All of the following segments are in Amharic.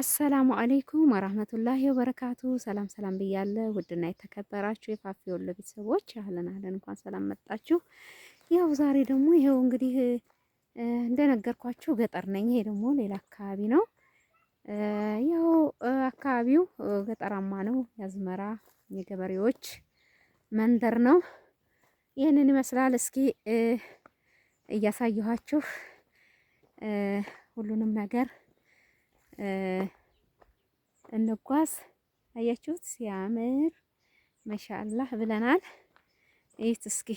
አሰላሙ አሌይኩም ወራህመቱላሂ ወበረካቱ። ሰላም ሰላም ብያለሁ። ውድና የተከበራችሁ የፋፊ ወሎ ቤተሰቦች አህለን አህለን፣ እንኳን ሰላም መጣችሁ። ያው ዛሬ ደግሞ ይሄው እንግዲህ እንደነገርኳችሁ ገጠር ነኝ። ይሄ ደግሞ ሌላ አካባቢ ነው። ያው አካባቢው ገጠራማ ነው። የአዝመራ የገበሬዎች መንደር ነው። ይህንን ይመስላል። እስኪ እያሳየኋችሁ ሁሉንም ነገር እንጓዝ። አያችሁት ሲያምር ማሻአላህ ብለናል። እይት እስኪ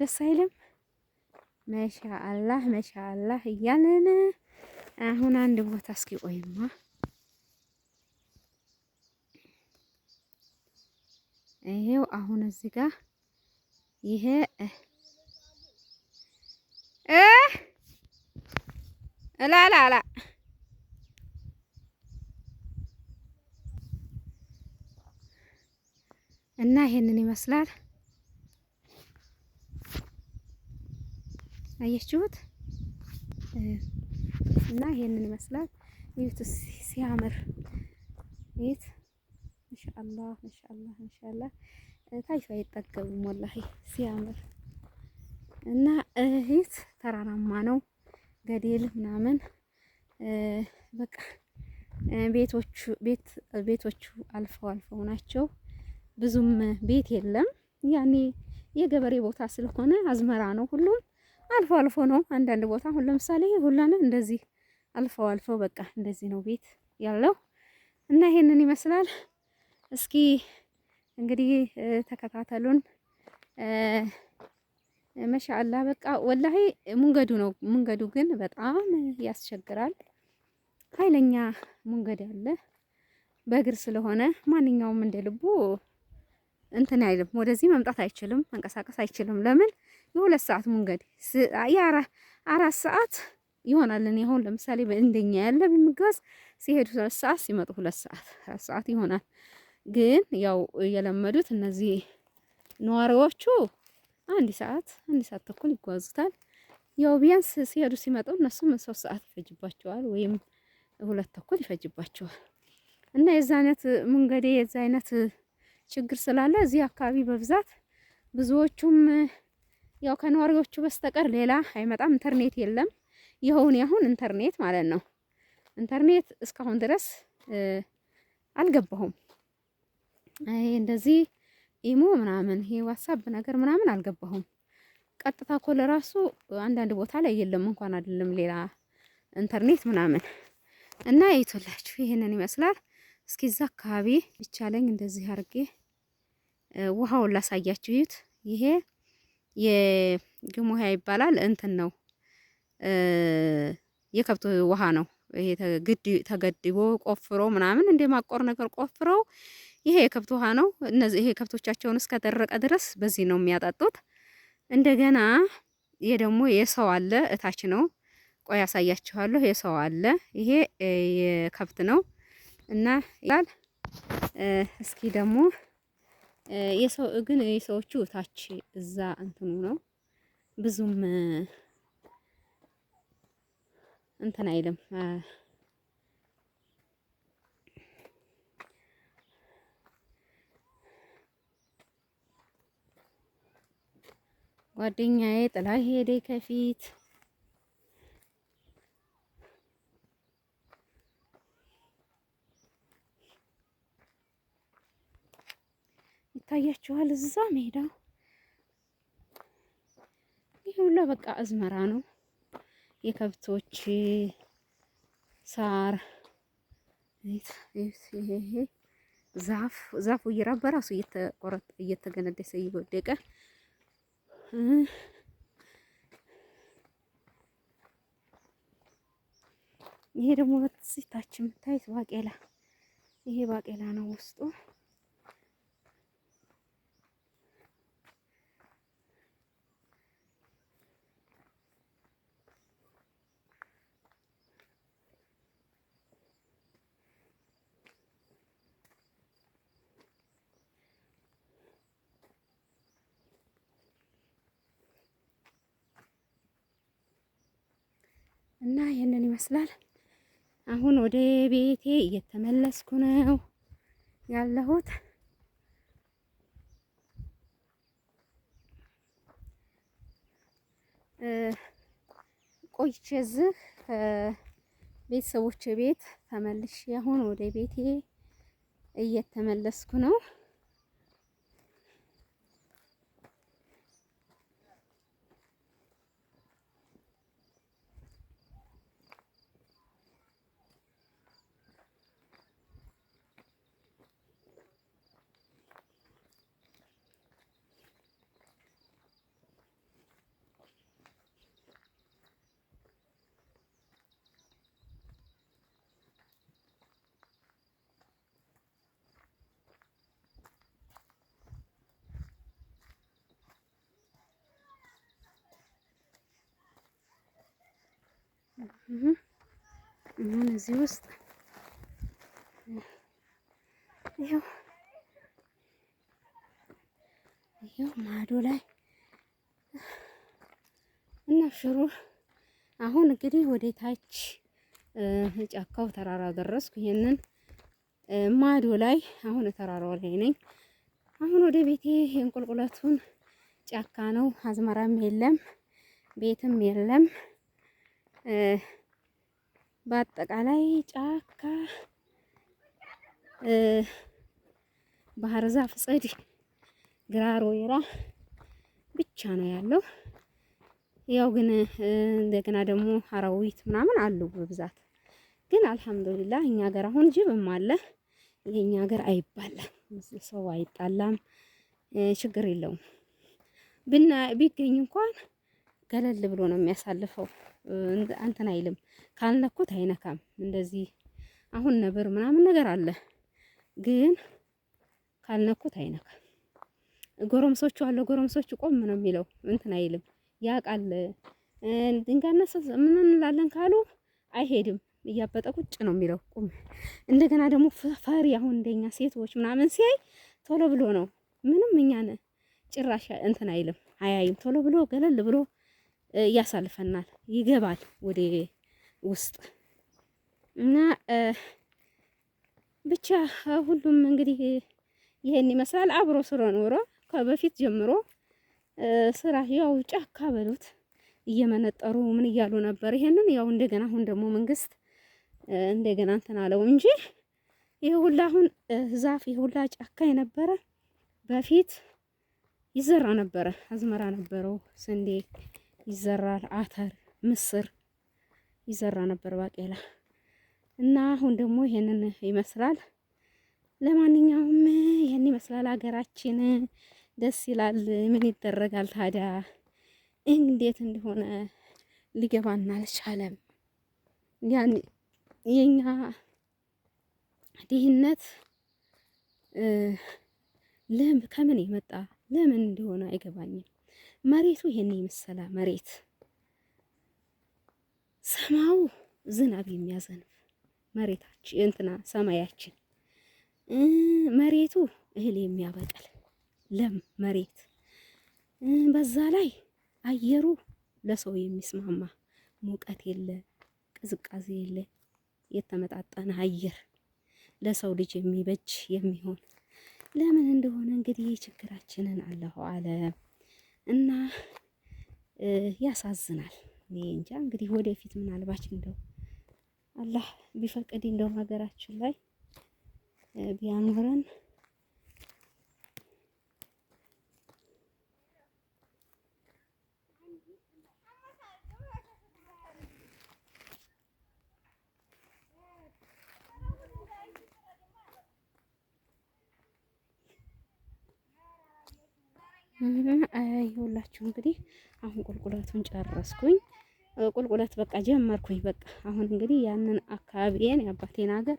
ደስ አይልም? መሻአላህ ማሻአላህ እያለን አሁን አንድ ቦታ እስኪ ቆይማ ይሄው አሁን እዚህ ጋር ይሄ እ ላላላ እና ይሄንን ይመስላል። አያችሁት? እና ይሄንን ይመስላል። ይሁት ሲያምር ይት ኢንሻአላህ ኢንሻአላህ ኢንሻአላህ ታይቶ አይጠገብም። ወላሂ ሲያምር እና እህት ተራራማ ነው ገደል ምናምን በቃ ቤቶቹ ቤት ቤቶቹ አልፈው አልፈው ናቸው። ብዙም ቤት የለም። ያኔ የገበሬ ቦታ ስለሆነ አዝመራ ነው ሁሉም። አልፎ አልፎ ነው አንዳንድ ቦታ አሁን ለምሳሌ ሁላን እንደዚህ አልፎ አልፎ በቃ እንደዚህ ነው ቤት ያለው እና ይሄንን ይመስላል። እስኪ እንግዲህ ተከታተሉን። መሻአላ በቃ ወላሂ መንገዱ ነው ሙንገዱ ግን በጣም ያስቸግራል። ኃይለኛ መንገድ አለ በእግር ስለሆነ ማንኛውም እንደ ልቡ እንትን አይልም፣ ወደዚህ መምጣት አይችልም፣ መንቀሳቀስ አይችልም። ለምን የሁለት ሰዓት መንገድ አራት ሰዓት ይሆናል። እኔ አሁን ለምሳሌ እንደኛ ያለ በሚጓዝ ሲሄዱ ሁለት ሰዓት ሲመጡ ሁለት ሰዓት አራት ሰዓት ይሆናል። ግን ያው የለመዱት እነዚህ ነዋሪዎቹ አንድ ሰዓት አንድ ሰዓት ተኩል ይጓዙታል። ያው ቢያንስ ሲሄዱ ሲመጡ እነሱም ሶስት ሰዓት ይፈጅባቸዋል ወይም ሁለት ተኩል ይፈጅባቸዋል እና የዛ አይነት መንገዴ የዛ አይነት ችግር ስላለ እዚህ አካባቢ በብዛት ብዙዎቹም ያው ከነዋሪዎቹ በስተቀር ሌላ አይመጣም። ኢንተርኔት የለም። ይኸውን ያሁን ኢንተርኔት ማለት ነው። ኢንተርኔት እስካሁን ድረስ አልገባሁም። ይሄ እንደዚህ ኢሞ ምናምን ይሄ ዋትሳፕ ነገር ምናምን አልገባሁም። ቀጥታ እኮ ለራሱ አንዳንድ ቦታ ላይ የለም እንኳን አይደለም ሌላ ኢንተርኔት ምናምን እና ይቶላችሁ ይሄንን ይመስላል። እስኪ እዛ አካባቢ ይቻለኝ እንደዚህ አርጌ ውሃውን ላሳያችሁት። ይሄ የግም ውሃ ይባላል። እንትን ነው የከብት ውሃ ነው። ይሄ ተገድቦ ቆፍሮ ምናምን እንደ ማቆር ነገር ቆፍረው ይሄ የከብት ውሃ ነው። እነዚህ ይሄ ከብቶቻቸውን እስከደረቀ ድረስ በዚህ ነው የሚያጠጡት። እንደገና ይሄ ደግሞ የሰው አለ፣ እታች ነው። ቆይ ያሳያችኋለሁ። የሰው አለ። ይሄ የከብት ነው። እና ይላል። እስኪ ደግሞ የሰው ግን የሰዎቹ ታች እዛ እንትኑ ነው ብዙም እንትን አይልም። ጓደኛዬ ጥላ ሄደ ከፊት ይታያችኋል። እዛ ሜዳ ይህ ሁሉ በቃ አዝመራ ነው። የከብቶች ሳር ዛፍ ዛፉ እየራበ በራሱ እየተቆረጠ እየተገነደሰ እየወደቀ ይሄ ደግሞ በዚህ ታች የምታዩት ባቄላ ይሄ ባቄላ ነው ውስጡ እና ይህንን ይመስላል። አሁን ወደ ቤቴ እየተመለስኩ ነው ያለሁት። ቆይቼ እዚህ ቤተሰቦች ቤት ተመልሼ አሁን ወደ ቤቴ እየተመለስኩ ነው። አሁን እዚህ ውስጥ ይኸው ይኸው ማዶ ላይ እና ሽሮ አሁን እንግዲህ ወደ ታች ጫካው ተራራ ደረስኩ። ይሄንን ማዶ ላይ አሁን ተራራው ላይ ነኝ። አሁን ወደ ቤቴ እንቁልቁለቱን ጫካ ነው። አዝመራም የለም፣ ቤትም የለም። በአጠቃላይ ጫካ ባህር ዛፍ፣ ጽድ፣ ግራር ወይራ ብቻ ነው ያለው። ያው ግን እንደገና ደግሞ አራዊት ምናምን አሉ በብዛት ግን አልሐምዱሊላ እኛ ሀገር አሁን ጅብም አለ። የእኛ ሀገር አይባላም፣ ሰው አይጣላም፣ ችግር የለውም ብና ቢገኝ እንኳን ገለል ብሎ ነው የሚያሳልፈው። አንተን አይልም፣ ካልነኩት አይነካም። እንደዚህ አሁን ነብር ምናምን ነገር አለ፣ ግን ካልነኩት አይነካም። ጎረምሶቹ አለ፣ ጎረምሶቹ ቆም ነው የሚለው እንትን አይልም፣ ያውቃል። ድንጋነስ ምን እንላለን ካሉ አይሄድም፣ እያበጠ ቁጭ ነው የሚለው ቁም። እንደገና ደግሞ ፈሪ፣ አሁን እንደኛ ሴቶች ምናምን ሲያይ ቶሎ ብሎ ነው ምንም እኛን ጭራሽ እንትን አይልም፣ አያይም። ቶሎ ብሎ ገለል ብሎ ያሳልፈናል፣ ይገባል ወደ ውስጥ እና ብቻ ሁሉም እንግዲህ ይሄን ይመስላል። አብሮ ስሮ ኖሮ ከበፊት ጀምሮ ስራ ያው ጫካ በሉት እየመነጠሩ ምን እያሉ ነበር። ይሄንን ያው እንደገና አሁን ደግሞ መንግስት እንደገና እንትን አለው እንጂ ይሄ ሁላ አሁን ዛፍ ይሄ ሁላ ጫካ የነበረ በፊት ይዘራ ነበረ፣ አዝመራ ነበረው ስንዴ ይዘራል። አተር፣ ምስር ይዘራ ነበር ባቄላ እና አሁን ደግሞ ይሄንን ይመስላል። ለማንኛውም ይሄን ይመስላል ሀገራችን። ደስ ይላል። ምን ይደረጋል ታዲያ እንዴት እንደሆነ ሊገባን አልቻለም። ያን የኛ ድህነት ለም ከምን የመጣ ለምን እንደሆነ አይገባኝም። መሬቱ ይሄን የመሰለ መሬት፣ ሰማው ዝናብ የሚያዘንብ መሬታችን እንትና ሰማያችን፣ መሬቱ እህል የሚያበቅል ለም መሬት፣ በዛ ላይ አየሩ ለሰው የሚስማማ ሙቀት የለ ቅዝቃዜ የለ የተመጣጠነ አየር ለሰው ልጅ የሚበጅ የሚሆን ለምን እንደሆነ እንግዲህ ችግራችንን አላሁ አለም። እና ያሳዝናል። እኔ እንጃ እንግዲህ ወደፊት ምናልባች እንደው አላህ ቢፈቅድ እንደው ሀገራችን ላይ ቢያኖረን ይኸውላችሁ እንግዲህ አሁን ቁልቁለቱን ጨረስኩኝ። ቁልቁለት በቃ ጀመርኩኝ። በቃ አሁን እንግዲህ ያንን አካባቢዬን የአባቴን ሀገር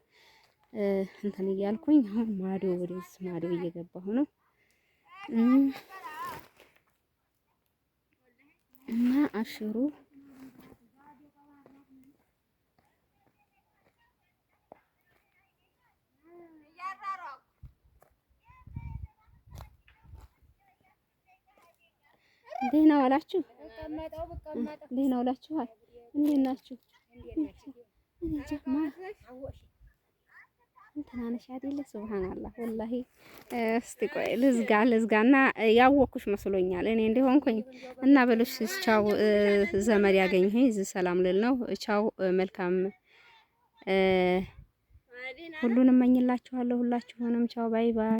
እንትን እያልኩኝ አሁን ማዶ ወደዚህ ማዶ እየገባሁ ነው እና አሽሩ ደህና ዋላችሁ? ደህና ዋላችኋል? እንዴት ናችሁ? እንትና ነሽ አይደለ? ሱብሃንአላህ ወላሂ። እስቲ ቆይ ልዝጋ ልዝጋና ያወኩሽ መስሎኛል እኔ እንደሆንኩኝ እና በልሽ። ቻው ዘመድ ያገኘኝ እዚህ ሰላም ልል ነው። ቻው መልካም ሁሉንም እመኝላችኋለሁ። ሁላችሁንም ቻው ባይ ባይ።